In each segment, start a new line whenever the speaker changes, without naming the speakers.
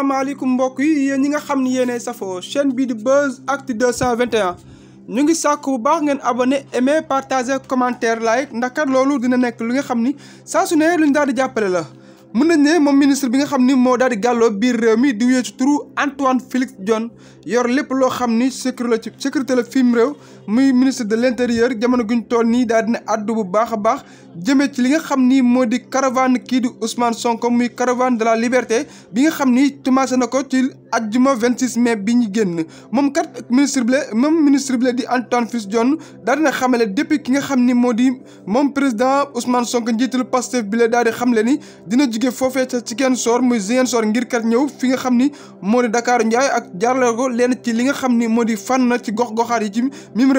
asalaamaaleykum mbokk yi yéen ñi nga xam ni yéenay safoo chaîne bii di Buzz Actu an ñu ngi sàkk bu baax ngeen abonné aimé partagé commentaire like ndax kat loolu dina nekk lu nga xam ni saa su ne lu ñu daal di jàppale la. mën nañ ne moom ministre bi nga xam ni moo daal di gàlloo biir réew mi di wéy ci turu Antoine Félix Diome yor lépp loo xam ni sécurité la sécurité la fi réew. muy ministre de l'intérieur jamono guñ toll nii daal dina àddu bu baax a baax jëmee ci li nga xam ni moo di caravane kii di Ousmane Sonko muy caravane de la liberté bi nga xam ni commencé na ko ci ajjuma 26 mai bi ñu génn moom kat ministre bi moom ministre bi di Antoine Félix Diome daal dina xamale depuis ki nga xam ni moo di moom président Ousmane Sonko njiitalu Pastef bi la daal di xamle ni dina jóge foofee ca Ziguinchor muy Ziguinchor ngir kat ñëw fi nga xam ni moo di Dakar ak jaarale ko ci li nga xam ni moo di fànn ci gox goxaat yi ci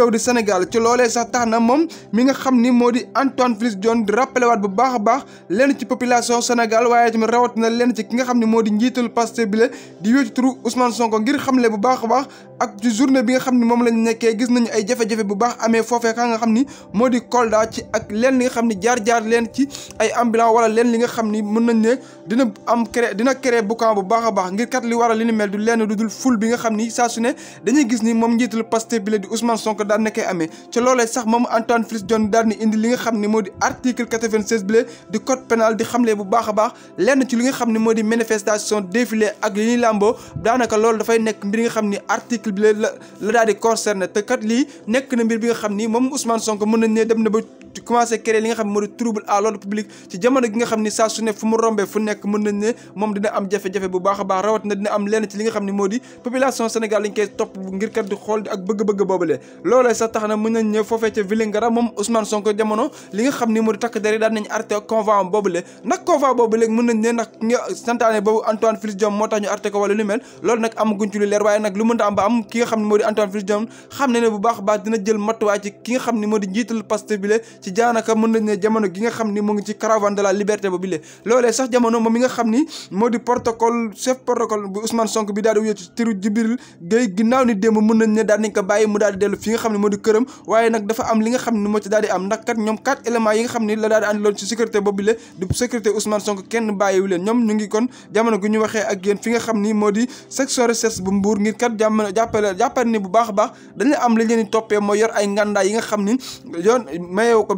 réew di Sénégal ci loolee sax tax na moom mi nga xam ni moo di Antoine Félix Diome di rappelé waat bu baax a baax lenn ci population Sénégal waaye rawat na lenn ci ki nga xam ne moo di njiitul Pastef bi la di wécc turu Ousmane Sonko ngir xamle bu baax baax ak ci journée bi nga xam ni moom lañ nekkee gis nañu ay jafe-jafe bu baax amee foofee ka nga xam ni moo di Kolda ci ak xam ni jaar-jaar leen ci ay ambulance wala leen li nga xam ni mën nañ ne dina am crée dina créer baax a baax ngir kat li li ni mel du lenn du dul ful xam ni saa su ne dañuy gis ni moom njiital Pastef bi la di Ousmane Sonko daan nekkee amee ci loolee sax moom Antoine Félix Diome daan li nga xam ni moo di article 96 bi la di code pénal di xamle bu baax lenn ci li nga xam ni moo di manifestation défilé ak li ñuy làmboo daanaka loolu dafay nekk mbir nga xam ni article public la la daal di concerné te kat lii nekk na mbir bi nga xam ni moom Ousmane Sonko mën nañ ne dem na ba commencé créer li nga xam ne moo di trouble à l'ordre public ci jamono gi nga xam ni a baax rawat na am lenn moo di population Sénégal lañ koy topp ngir kat di xool ak bëgg-bëgg boobalee loolee sax na am boobule ndax convoi boobule mën nañ ne ndax nga santaane boobu Antoine Félix Diome am ba am ki nga xam ne moo di Antoine Félix Diome xam ne ne bu baax baax dina jël matuwaay ci ki nga xam ne moo di njiital Pastef bi jaanaka mën nañ ne jamono gi nga xam ni mu ngi ci caravane de liberté ba bile sax jamono moom mi nga xam ni moo di protocole chef protocole bu Ousmane Sonko bi daal di wuyee ci turu Jibril Gueye ginnaaw ni démb mën nañ ne daal nañ ko bàyyi mu daal di dellu fi nga xam ne moo di këram waaye nag dafa am li nga xam ni moo ci daal di am ndax kat ñoom quatre éléments yi xam ni la daal di àndi loon ci sécurité ba bile du sécurité Ousmane kenn bàyyiwu leen ñoom ñu ngi kon jamono gu ñu waxee ak yéen fi nga xam ni moo di section recherche bu Mbour ngir kat jamono jàppale jàppale ni bu baax a baax dañ la am li leen di toppee mooy nga xam ni yoon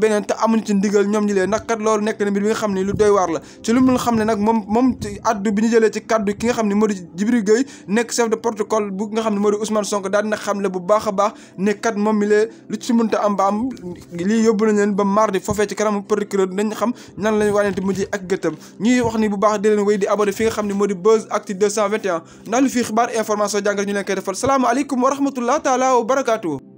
beneen te amuñu ci ndigal ñoom ñi lee ndax kat loolu nekk na mbir bi nga xam ne lu doy waar la ci lu mu xam ne nag moom moom addu bi ñu jëlee ci kaddu ki nga xam ne moo di Djibril Gueye xam ne moo di Ousmane Sonko daal dina xam le bu baax a baax ne kat moom mi lee lu ci munta am ba am lii yóbbu nañ leen ba mardi foofee ci kanamu procureur dañ xam nan lañ wàññeenti mujj ak gëttam ñuy wax ni bu baax di leen wéy di abonné fi nga xam ne moo di Buzz Actu 221 ndax lu fii xibaar information jàngal ñu leen koy defal salaamaaleykum wa rahmatullah taala wa barakaatu